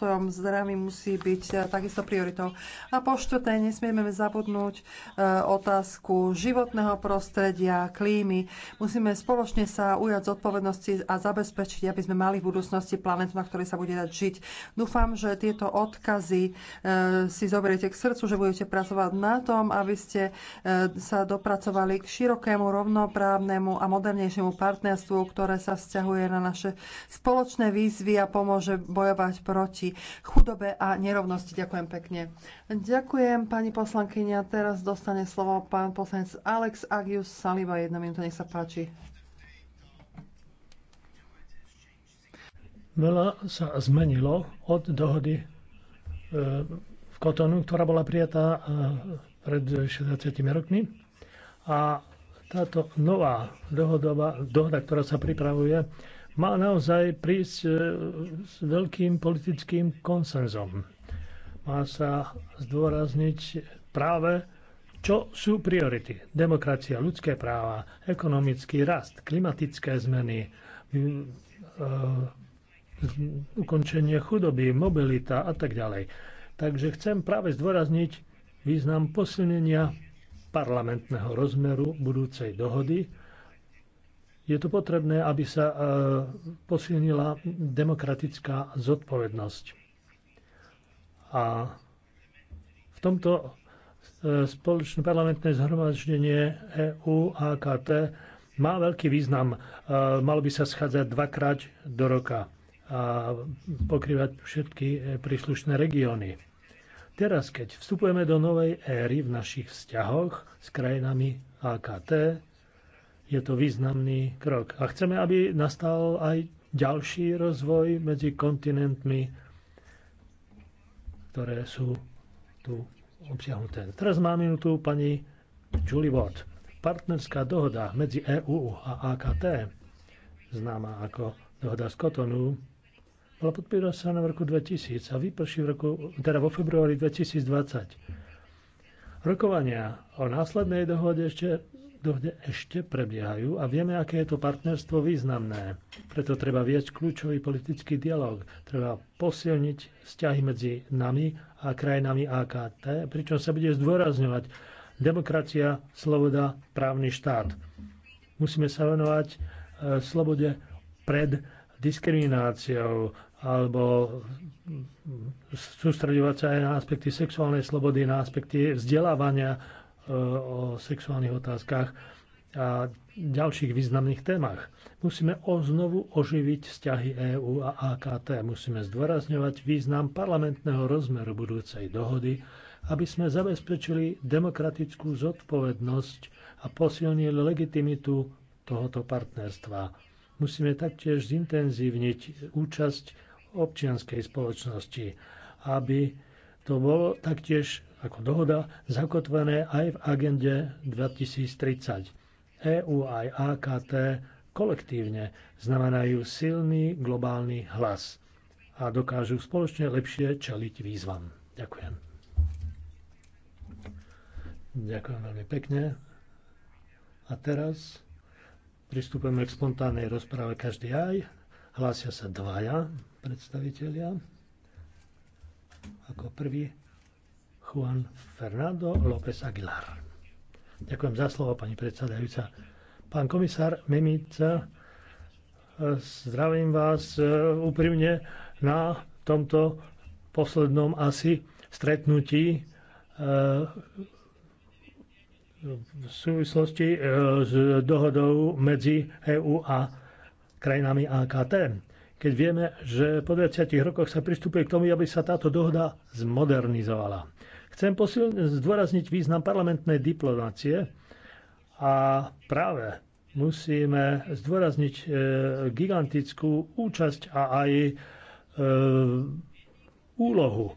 ktorom zdraví musí byť e, takisto prioritou. A po štvrté, nesmieme zabudnúť e, otázku životného prostredia, klímy. Musíme spoločne sa ujať zodpovednosti a zabezpečiť, aby sme mali v budúcnosti planetu, na ktorej sa bude dať žiť. Dúfam, že tieto odkazy e, si zoberiete k srdcu, že budete pracovať na tom, aby ste sa dopracovali k širokému, rovnoprávnemu a modernejšiemu partnerstvu, ktoré sa vzťahuje na naše spoločné výzvy a pomôže bojovať proti chudobe a nerovnosti. Ďakujem pekne. Ďakujem, pani poslankyňa. Teraz dostane slovo pán poslanec Alex Agius Saliba. Jedna minúta, nech sa páči. Veľa sa zmenilo od dohody e, v Kotonu, ktorá bola prijatá e, pred 60 rokmi. A táto nová dohodova, dohoda, ktorá sa pripravuje, má naozaj prísť e, s veľkým politickým konsenzom. Má sa zdôrazniť práve, čo sú priority. Demokracia, ľudské práva, ekonomický rast, klimatické zmeny, e, ukončenie chudoby, mobilita a tak ďalej. Takže chcem práve zdôrazniť význam posilnenia parlamentného rozmeru budúcej dohody je tu potrebné, aby sa e, posilnila demokratická zodpovednosť. A v tomto e, spoločné parlamentné zhromaždenie EU a AKT má veľký význam. E, malo by sa schádzať dvakrát do roka a pokrývať všetky príslušné regióny. Teraz, keď vstupujeme do novej éry v našich vzťahoch s krajinami AKT, je to významný krok. A chceme, aby nastal aj ďalší rozvoj medzi kontinentmi, ktoré sú tu obsiahnuté. Teraz má minútu pani Julie Ward. Partnerská dohoda medzi EU a AKT, známa ako dohoda z Kotonu, bola podpísaná v roku 2000 a vyprší v roku, teda vo februári 2020. Rokovania o následnej dohode ešte dohode ešte prebiehajú a vieme, aké je to partnerstvo významné. Preto treba viesť kľúčový politický dialog. Treba posilniť vzťahy medzi nami a krajinami AKT, pričom sa bude zdôrazňovať demokracia, sloboda, právny štát. Musíme sa venovať e, slobode pred diskrimináciou alebo sústredovať sa aj na aspekty sexuálnej slobody, na aspekty vzdelávania E, o sexuálnych otázkach a ďalších významných témach. Musíme znovu oživiť vzťahy EÚ a AKT. Musíme zdôrazňovať význam parlamentného rozmeru budúcej dohody, aby sme zabezpečili demokratickú zodpovednosť a posilnili legitimitu tohoto partnerstva. Musíme taktiež zintenzívniť účasť občianskej spoločnosti, aby to bolo taktiež ako dohoda zakotvené aj v agende 2030. EU aj AKT kolektívne znamenajú silný globálny hlas a dokážu spoločne lepšie čeliť výzvam. Ďakujem. Ďakujem veľmi pekne. A teraz pristupujeme k spontánnej rozprave každý aj. Hlásia sa dvaja predstavitelia. Ako prvý Juan Fernando López Aguilar. Ďakujem za slovo, pani predsedajúca. Pán komisár Memica, e, zdravím vás e, úprimne na tomto poslednom asi stretnutí e, v súvislosti s dohodou medzi EÚ a krajinami AKT. Keď vieme, že po 20 rokoch sa pristúpili k tomu, aby sa táto dohoda zmodernizovala. Chcem posil- zdôrazniť význam parlamentnej diplomácie a práve musíme zdôrazniť e, gigantickú účasť a aj e, úlohu. E,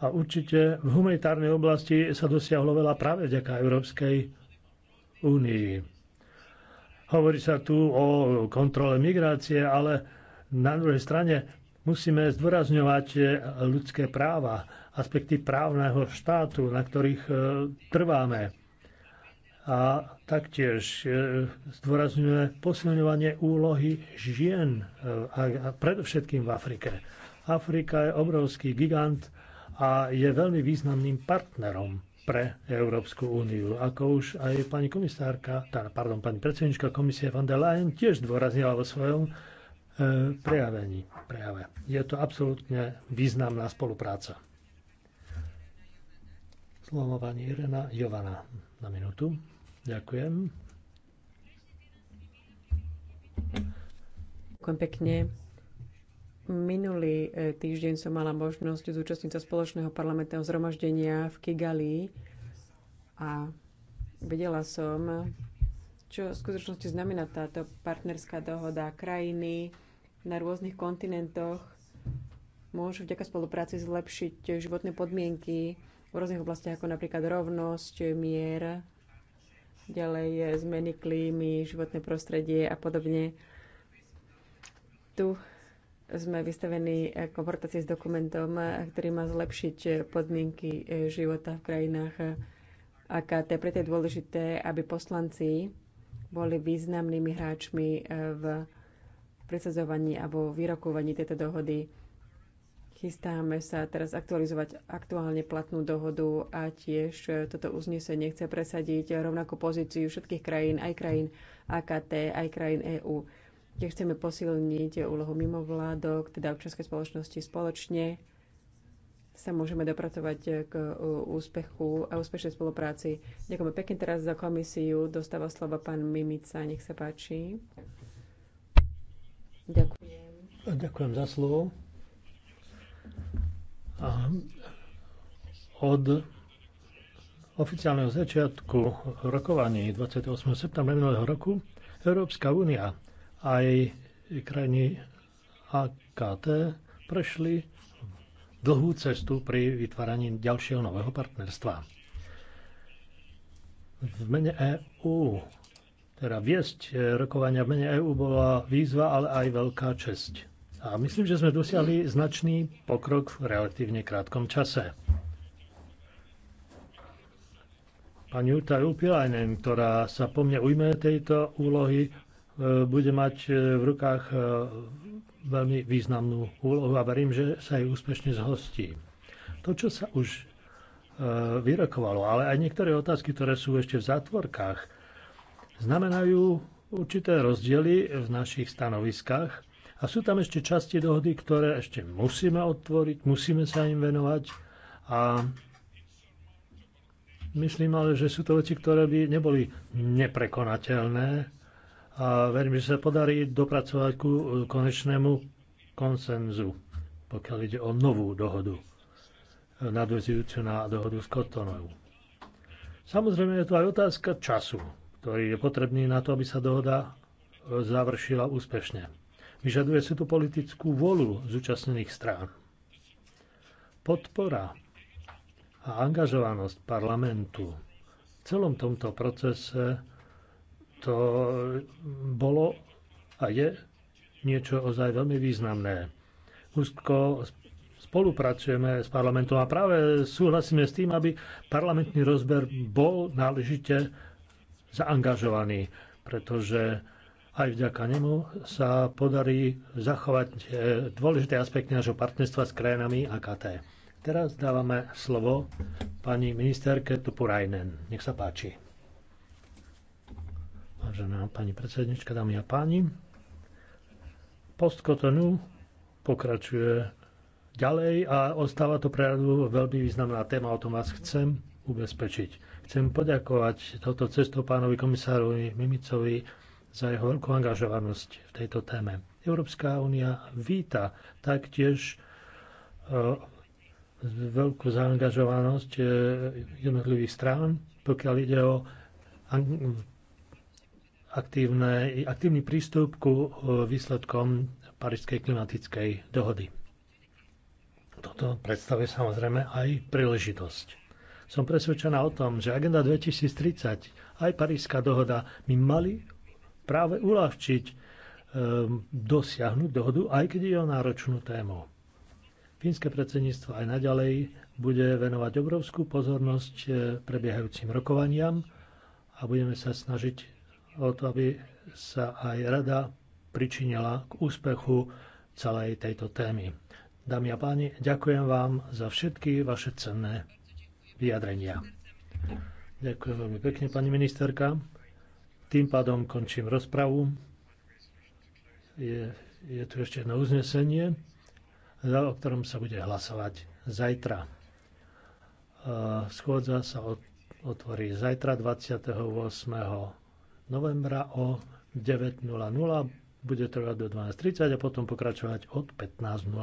a určite v humanitárnej oblasti sa dosiahlo veľa práve vďaka Európskej únii. Hovorí sa tu o kontrole migrácie, ale na druhej strane Musíme zdôrazňovať eh, ľudské práva, aspekty právneho štátu, na ktorých eh, trváme. A taktiež eh, zdôrazňuje posilňovanie úlohy žien, a predovšetkým v Afrike. Afrika je obrovský gigant a je veľmi významným partnerom pre Európsku úniu. Ako už aj pani komisárka, pardon, pani predsednička komisie van der Leyen tiež zdôraznila vo svojom E, prejavení, prejave. Je to absolútne významná spolupráca. Slovo pani Irena Jovana na minútu. Ďakujem. Ďakujem pekne. Minulý e, týždeň som mala možnosť zúčastniť sa spoločného parlamentného zhromaždenia v Kigali a vedela som, čo v skutočnosti znamená táto partnerská dohoda? Krajiny na rôznych kontinentoch môžu vďaka spolupráci zlepšiť životné podmienky v rôznych oblastiach, ako napríklad rovnosť, mier, ďalej zmeny klímy, životné prostredie a podobne. Tu sme vystavení konfrontácii s dokumentom, ktorý má zlepšiť podmienky života v krajinách AKT. Preto je dôležité, aby poslanci boli významnými hráčmi eh, v presadzovaní alebo vyrokovaní tejto dohody. Chystáme sa teraz aktualizovať aktuálne platnú dohodu a tiež eh, toto uznesenie chce presadiť rovnakú pozíciu všetkých krajín, aj krajín AKT, aj krajín EÚ. Tiež chceme posilniť úlohu mimovládok, teda občianskej spoločnosti spoločne sa môžeme dopracovať eh, k eh, úspechu a úspešnej spolupráci. Ďakujem pekne teraz za komisiu. Dostáva slovo pán Mimica, nech sa páči. Ďakujem. Ďakujem za slovo. A od oficiálneho začiatku rokovaní 28. septembra minulého roku Európska únia aj krajiny AKT prešli dlhú cestu pri vytváraní ďalšieho nového partnerstva. V mene EÚ, teda viesť e, rokovania v mene EÚ bola výzva, ale aj veľká česť. A myslím, že sme dosiahli značný pokrok v relatívne krátkom čase. Pani Juta Upilainen, ktorá sa po mne ujme tejto úlohy, E, bude mať e, v rukách e, veľmi významnú úlohu a verím, že sa jej úspešne zhostí. To, čo sa už vyrokovalo, ale aj niektoré otázky, ktoré sú ešte v zátvorkách, znamenajú určité rozdiely v našich stanoviskách a sú tam ešte časti dohody, ktoré ešte musíme otvoriť, musíme sa im venovať a myslím ale, že sú to veci, ktoré by neboli neprekonateľné a verím, že sa podarí dopracovať ku e, konečnému konsenzu, pokiaľ ide o novú dohodu, e, nadvezujúcu na dohodu s Kotonou. Samozrejme je to aj otázka času, ktorý je potrebný na to, aby sa dohoda e, završila úspešne. Vyžaduje si tu politickú volu zúčastnených strán. Podpora a angažovanosť parlamentu v celom tomto procese to bolo a je niečo ozaj veľmi významné. Úzko spolupracujeme s parlamentom a práve súhlasíme s tým, aby parlamentný rozber bol náležite zaangažovaný, pretože aj vďaka nemu sa podarí zachovať e, dôležité aspekty nášho partnerstva s krajinami AKT. Teraz dávame slovo pani ministerke Tupurajnen. Nech sa páči. Vážená pani predsednička, dámy a páni, Postkotonu pokračuje ďalej a ostáva to pre radu veľmi významná téma, o tom vás chcem ubezpečiť. Chcem poďakovať toto cestou pánovi komisárovi Mimicovi za jeho veľkú angažovanosť v tejto téme. Európska únia víta taktiež e, veľkú zaangažovanosť e, jednotlivých strán, pokiaľ ide o aktívne, aktívny prístup ku e, výsledkom Parížskej klimatickej dohody. Toto predstavuje samozrejme aj príležitosť. Som presvedčená o tom, že Agenda 2030 aj Parížská dohoda by mali práve uľahčiť e, dosiahnuť dohodu, aj keď je o náročnú tému. Fínske predsedníctvo aj naďalej bude venovať obrovskú pozornosť e, prebiehajúcim rokovaniam a budeme sa snažiť o to, aby sa aj rada pričinila k úspechu celej tejto témy. Dámy a páni, ďakujem vám za všetky vaše cenné vyjadrenia. Ďakujem veľmi pekne, pani ministerka. Tým pádom končím rozpravu. Je, je tu ešte jedno uznesenie, o ktorom sa bude hlasovať zajtra. Schôdza sa otvorí zajtra 28 novembra o 9.00. Bude trvať do 12.30 a potom pokračovať od 15.00.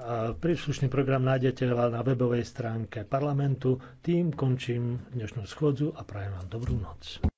A príslušný program nájdete na webovej stránke parlamentu. Tým končím dnešnú schôdzu a prajem vám dobrú noc.